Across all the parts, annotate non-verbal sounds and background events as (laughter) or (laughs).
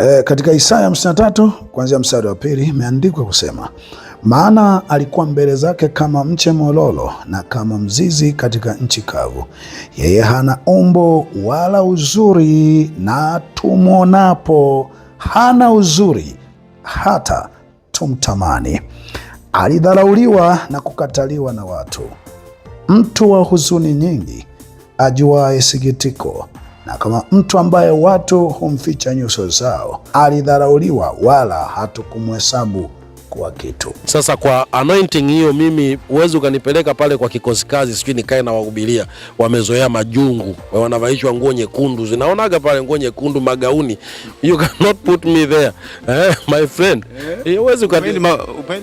E, katika Isaya 53 kuanzia mstari wa pili imeandikwa kusema, maana alikuwa mbele zake kama mche mololo na kama mzizi katika nchi kavu, yeye hana umbo wala uzuri, na tumwonapo hana uzuri hata tumtamani. Alidharauliwa na kukataliwa na watu, mtu wa huzuni nyingi, ajuaye sikitiko na kama mtu ambaye watu humficha nyuso zao, alidharauliwa wala hatukumhesabu kuwa kitu. Sasa kwa anointing hiyo, mimi huwezi ukanipeleka pale kwa kikosi kazi, sijui nikae na wahubiria wamezoea majungu, wanavaishwa nguo nyekundu, zinaonaga pale nguo nyekundu, magauni. You cannot put me there eh, my friend eh, eh huwezi ukati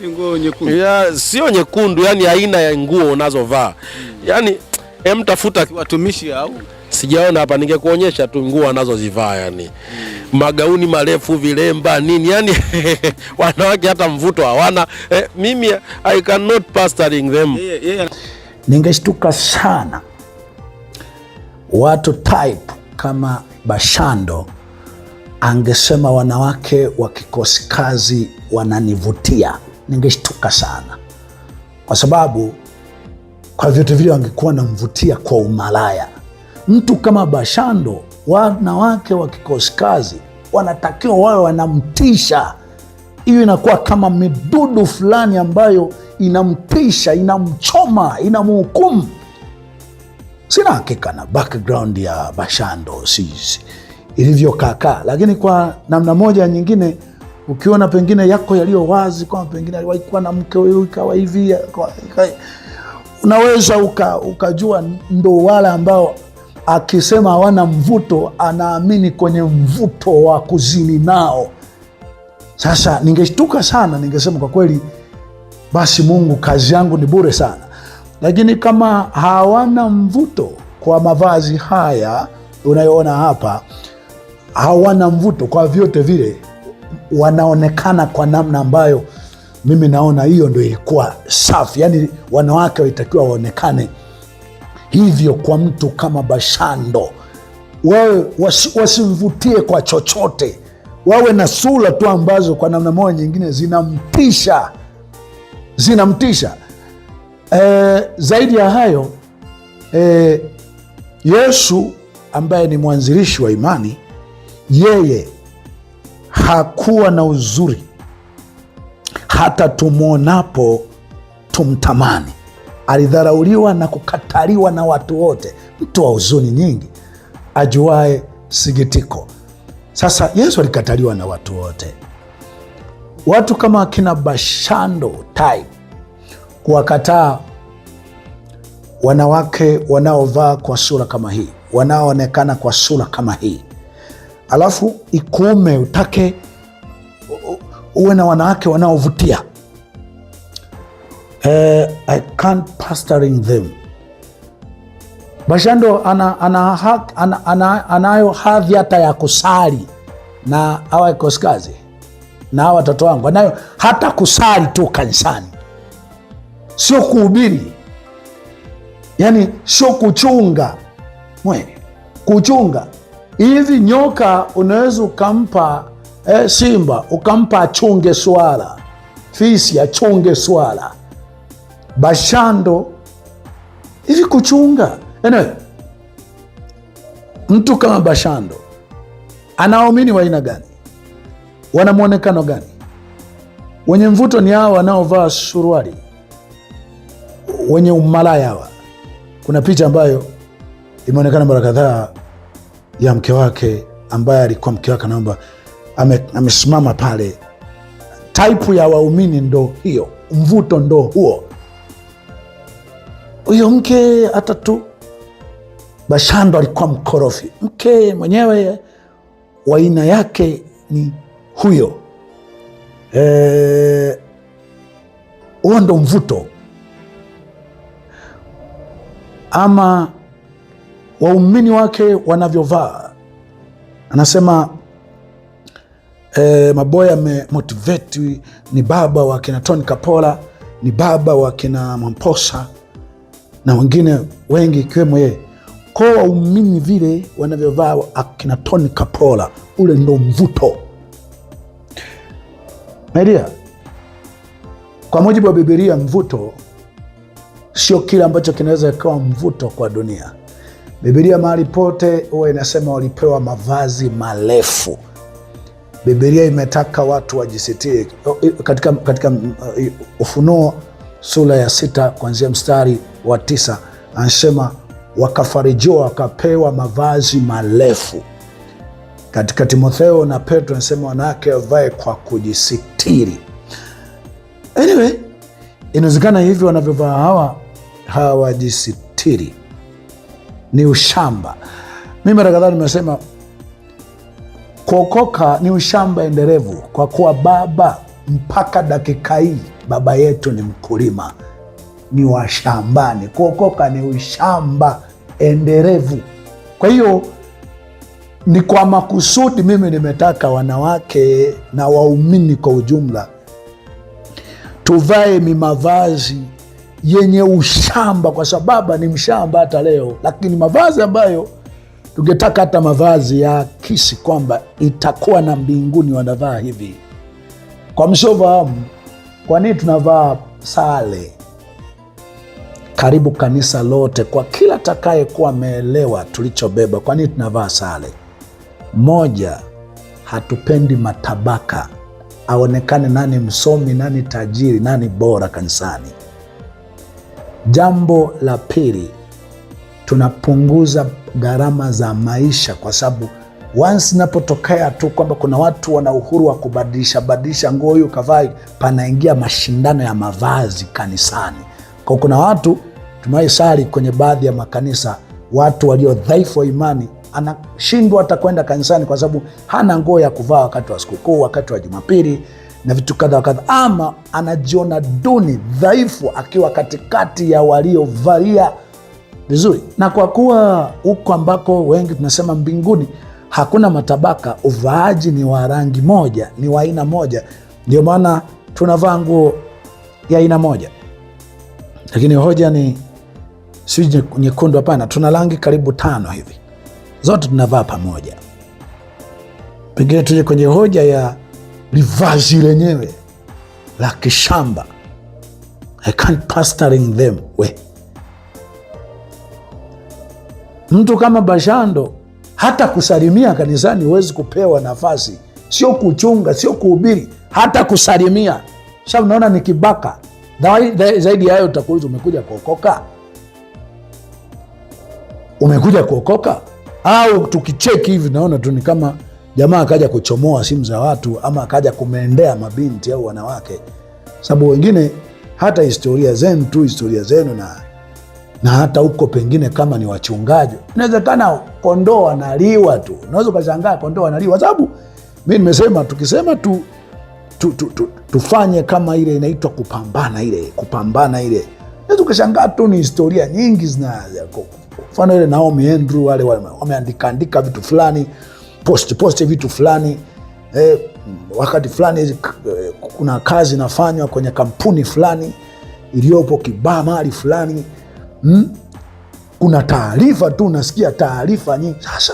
nguo nyekundu ya sio nyekundu, yani aina ya nguo unazovaa hmm. yani, em tafuta watumishi au sijaona hapa, ningekuonyesha tu nguo anazozivaa yani magauni marefu vilemba nini yani (laughs) wanawake hata mvuto hawana. Eh, mimi I cannot pastoring them. Yeah, yeah. Ningeshtuka sana watu type kama Bashando angesema wanawake wa kikosi kazi wananivutia, ningeshtuka sana kwa sababu kwa vyote vile wangekuwa namvutia kwa umalaya Mtu kama Bashando, wanawake wa kikosi kazi wanatakiwa wawe wanamtisha. Hiyo inakuwa kama midudu fulani ambayo inamtisha, inamchoma, inamhukumu. Sina hakika na background ya Bashando sisi ilivyokaakaa, lakini kwa namna moja nyingine, ukiona pengine yako yaliyo wazi kwamba pengine aliwahi kuwa na mke huyu ikawa hivi, unaweza ukajua uka ndo wale ambao akisema hawana mvuto, anaamini kwenye mvuto wa kuzini nao. Sasa ningeshtuka sana, ningesema kwa kweli, basi Mungu, kazi yangu ni bure sana. Lakini kama hawana mvuto kwa mavazi haya unayoona hapa, hawana mvuto kwa vyote vile, wanaonekana kwa namna ambayo mimi naona hiyo ndo ilikuwa safi. Yani wanawake walitakiwa waonekane hivyo kwa mtu kama Bashando. Wawe wasimvutie kwa chochote, wawe na sura tu ambazo kwa namna moja nyingine zinamtisha, zinamtisha. E, zaidi ya hayo e, Yesu ambaye ni mwanzilishi wa imani, yeye hakuwa na uzuri hata tumwonapo tumtamani alidharauliwa na kukataliwa na watu wote, mtu wa huzuni nyingi, ajuae sigitiko. Sasa Yesu alikataliwa na watu wote, watu kama akina Bashando tai kuwakataa wanawake wanaovaa kwa sura kama hii, wanaoonekana kwa sura kama hii, alafu ikuume utake uwe na wanawake wanaovutia. Uh, I can't pastoring them. Bashando ana, ana, ana, ana, anayo hadhi hata ya kusali na awa ikoskazi na hawa watoto wangu anayo hata kusali tu kanisani, sio kuhubiri, yani sio kuchunga mwe kuchunga. Hivi nyoka unaweza ukampa eh, simba ukampa achunge swala, fisi achunge swala bashando hivi kuchunga. Anyway, mtu kama Bashando anawaamini wa aina gani? Wana mwonekano gani? Wenye mvuto ni hawa wanaovaa suruali, wenye umalaya hawa. Kuna picha ambayo imeonekana mara kadhaa ya mke wake ambaye alikuwa mke wake anaomba, amesimama ame pale. Taipu ya waumini ndo hiyo, mvuto ndo huo huyo mke hata tu Bashando alikuwa mkorofi. Mke mwenyewe wa aina yake ni huyo eh, huo, e, ndo mvuto ama waumini wake wanavyovaa. Anasema e, eh, Maboya amemotiveti, ni baba wa kina Tony Kapola, ni baba wa kina Mamposa na wengine wengi ikiwemo yeye ko waumini vile wanavyovaa akina Tony Kapola, ule ndo mvuto Media. Kwa mujibu wa Bibilia, mvuto sio kile ambacho kinaweza kikawa mvuto kwa dunia. Bibilia mahali pote huwa inasema walipewa mavazi marefu. Bibilia imetaka watu wajisitiri katika, katika uh, Ufunuo sura ya sita kuanzia mstari wa tisa anasema wakafarijiwa wakapewa mavazi marefu. Katika Timotheo na Petro anasema wanawake wavae kwa kujisitiri. Anyway, inawezekana hivi wanavyovaa hawa hawajisitiri, ni ushamba. Mi mara kadhaa nimesema kuokoka ni ushamba endelevu, kwa kuwa Baba mpaka dakika hii baba yetu ni mkulima, ni wa shambani. Kuokoka ni ushamba endelevu. Kwa hiyo ni kwa makusudi, mimi nimetaka wanawake na waumini kwa ujumla tuvae mavazi yenye ushamba, kwa sababu ni mshamba hata leo, lakini mavazi ambayo tungetaka hata mavazi ya kisi kwamba itakuwa na mbinguni wanavaa hivi kwa msiofahamu, kwa nini tunavaa sare karibu kanisa lote? Kwa kila atakayekuwa ameelewa tulichobeba, kwa nini tunavaa sare? Moja, hatupendi matabaka, aonekane nani msomi, nani tajiri, nani bora kanisani. Jambo la pili, tunapunguza gharama za maisha kwa sababu once napotokea tu kwamba kuna watu wana uhuru wa kubadilisha badilisha nguo, hiyo kavaa, panaingia mashindano ya mavazi kanisani. Kwa kuna watu tumewahi sali kwenye baadhi ya makanisa, watu walio dhaifu wa imani anashindwa hata kwenda kanisani kwa sababu hana nguo ya kuvaa wakati wa sikukuu, wakati wa Jumapili na vitu kadha wakadha, ama anajiona duni, dhaifu akiwa katikati ya waliovalia vizuri. Na kwa kuwa huko ambako wengi tunasema mbinguni hakuna matabaka, uvaaji ni wa rangi moja, ni wa aina moja. Ndio maana tunavaa nguo ya aina moja, lakini hoja ni si nyekundu. Hapana, tuna rangi karibu tano hivi, zote tunavaa pamoja. Pengine tuje kwenye hoja ya livazi lenyewe la kishamba. I can't them we. Mtu kama Bashando hata kusalimia kanisani huwezi kupewa nafasi, sio kuchunga, sio kuhubiri, hata kusalimia. Sasa unaona ni kibaka. Zaidi ya hayo utakuuliza, umekuja kuokoka? Umekuja kuokoka? Au tukicheki hivi, naona tu ni kama jamaa akaja kuchomoa simu za watu ama akaja kumeendea mabinti au wanawake, sababu wengine hata historia zenu tu historia zenu na na hata huko pengine kama ni wachungaji, inawezekana kondoo wanaliwa tu. Unaweza ukashangaa kondoo wanaliwa, sababu mi nimesema, tukisema tu, tu, tu, tu, tufanye kama ile inaitwa kupambana, ile kupambana ile, naweza ukashangaa tu, ni historia nyingi zina mfano ile Naomi Andrew wale wameandikaandika vitu fulani post post vitu fulani eh, wakati fulani eh, kuna kazi inafanywa kwenye kampuni fulani iliyopo kibaa mahali fulani hmm? Kuna taarifa tu unasikia taarifa nyingi. Sasa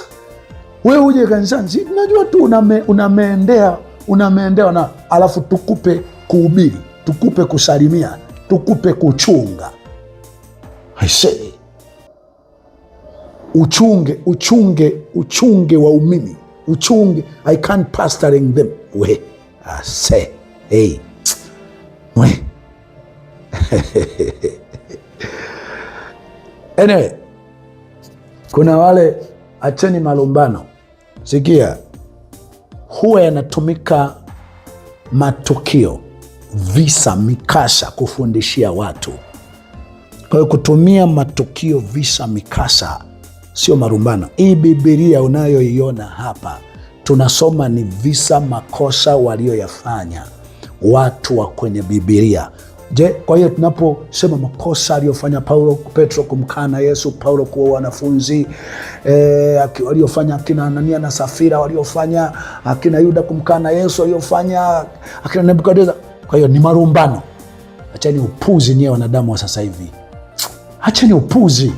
we uje kanisani, si tunajua tu uname, unameendea unameendewa na alafu tukupe kuhubiri, tukupe kusalimia, tukupe kuchunga. say, uchunge uchunge uchunge waumini, uchunge I can't pastoring them we say, hey. (tsk) we (laughs) Anyway, kuna wale, acheni malumbano. Sikia, huwa yanatumika matukio, visa, mikasa kufundishia watu. Kwa hiyo kutumia matukio, visa, mikasa sio marumbano Hii Bibilia unayoiona hapa tunasoma ni visa, makosa walioyafanya watu wa kwenye Bibilia. Je, kwa hiyo tunaposema makosa aliyofanya Paulo Petro kumkana Yesu, Paulo kuwa wanafunzi e, waliofanya akina Anania na Safira, waliofanya akina Yuda kumkana Yesu, waliofanya akina Nebukadneza, kwa hiyo ni marumbano. Achani upuzi, niye wanadamu wa sasa hivi, achani upuzi.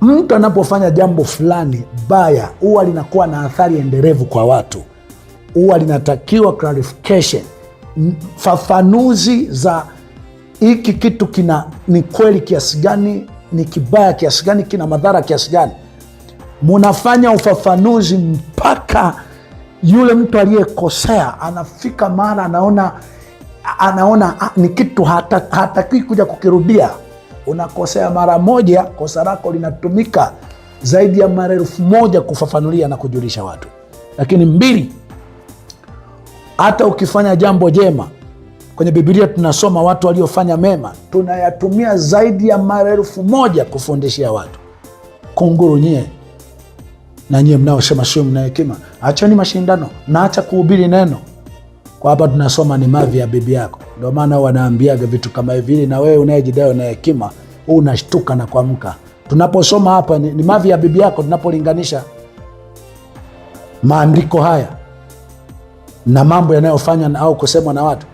Mtu anapofanya jambo fulani baya, huwa linakuwa na athari endelevu kwa watu, huwa linatakiwa clarification fafanuzi za hiki kitu kina ni kweli kiasi gani, ni kibaya kiasi gani, kina madhara kiasi gani. Munafanya ufafanuzi mpaka yule mtu aliyekosea anafika mara anaona anaona ah, ni kitu hataki hata kuja kukirudia. Unakosea mara moja, kosa lako linatumika zaidi ya mara elfu moja kufafanulia na kujulisha watu, lakini mbili hata ukifanya jambo jema, kwenye Bibilia tunasoma watu waliofanya mema, tunayatumia zaidi ya mara elfu moja kufundishia watu. Kunguru nyie na nyie mnaosema sio mna hekima, acheni mashindano na acha kuhubiri neno kwa hapa tunasoma ni mavi ya bibi yako. Ndio maana wanaambiaga vitu kama hivi, ili na wewe unayejidai na hekima huu unashtuka na kuamka. Tunaposoma hapa ni, ni mavi ya bibi yako, tunapolinganisha maandiko haya na mambo yanayofanywa na au kusemwa na watu,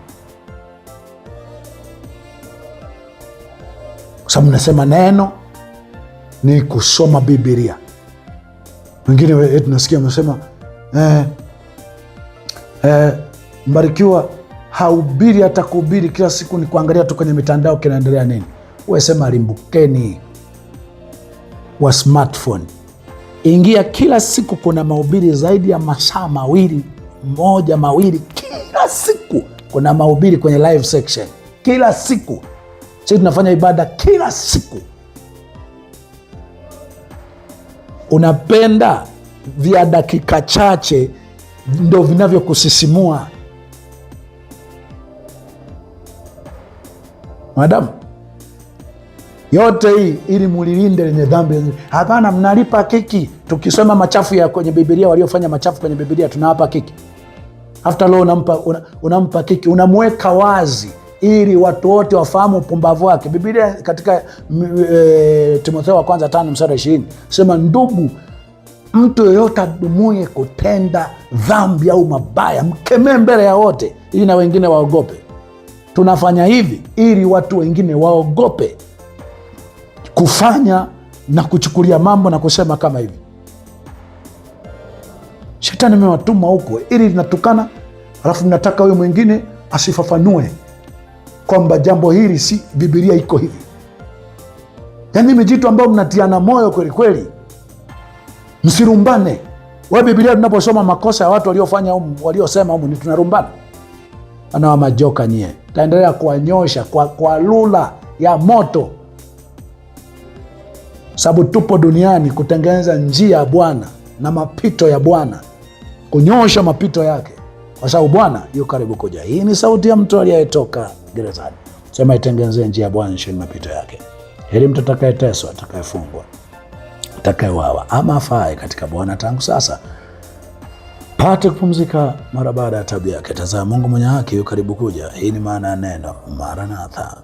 kwa sababu nasema neno ni kusoma Bibilia. Wengine tunasikia mnasema eh, eh, Mbarikiwa haubiri hata kuhubiri, kila siku ni kuangalia tu kwenye mitandao kinaendelea nini. Wesema limbukeni wa smartphone, ingia kila siku, kuna mahubiri zaidi ya masaa mawili moja mawili kila siku. Kuna mahubiri kwenye live section kila siku, sisi tunafanya ibada kila siku. Unapenda vya dakika chache ndo vinavyokusisimua madamu yote hii ili mulilinde lenye dhambi. Hapana, mnalipa kiki. Tukisoma machafu ya kwenye Bibilia, waliofanya machafu kwenye Bibilia tunawapa kiki hafta leo unampa, unampa kiki, unamweka wazi ili watu wote wafahamu upumbavu wake. Biblia katika e, Timotheo wa kwanza tano mstari ishirini sema ndugu, mtu yoyote adumuye kutenda dhambi au mabaya mkemee mbele ya wote, ili na wengine waogope. Tunafanya hivi ili watu wengine waogope kufanya na kuchukulia mambo na kusema kama hivi. Shetani amewatuma huko ili linatukana, alafu mnataka huyo mwingine asifafanue kwamba jambo hili si Bibilia iko hivi. Yani mijitu ambayo mnatiana moyo kwelikweli, msirumbane. We Bibilia tunaposoma makosa ya watu waliofanya umu, waliosema umu, ni tunarumbana anawa majoka nyie, taendelea kuwanyosha kwa, kwa lula ya moto, sababu tupo duniani kutengeneza njia ya Bwana na mapito ya Bwana kunyosha mapito yake, kwa sababu Bwana yu karibu kuja. Hii ni sauti ya mtu aliyetoka gerezani, sema itengenezee njia ya Bwana, nyosheni mapito yake. Heri mtu atakayeteswa, atakayefungwa, atakayewawa ama afaye katika Bwana tangu sasa pate kupumzika mara baada ya tabu yake. Tazama, Mungu mwenye haki yu karibu kuja. Hii ni maana ya neno Maranatha.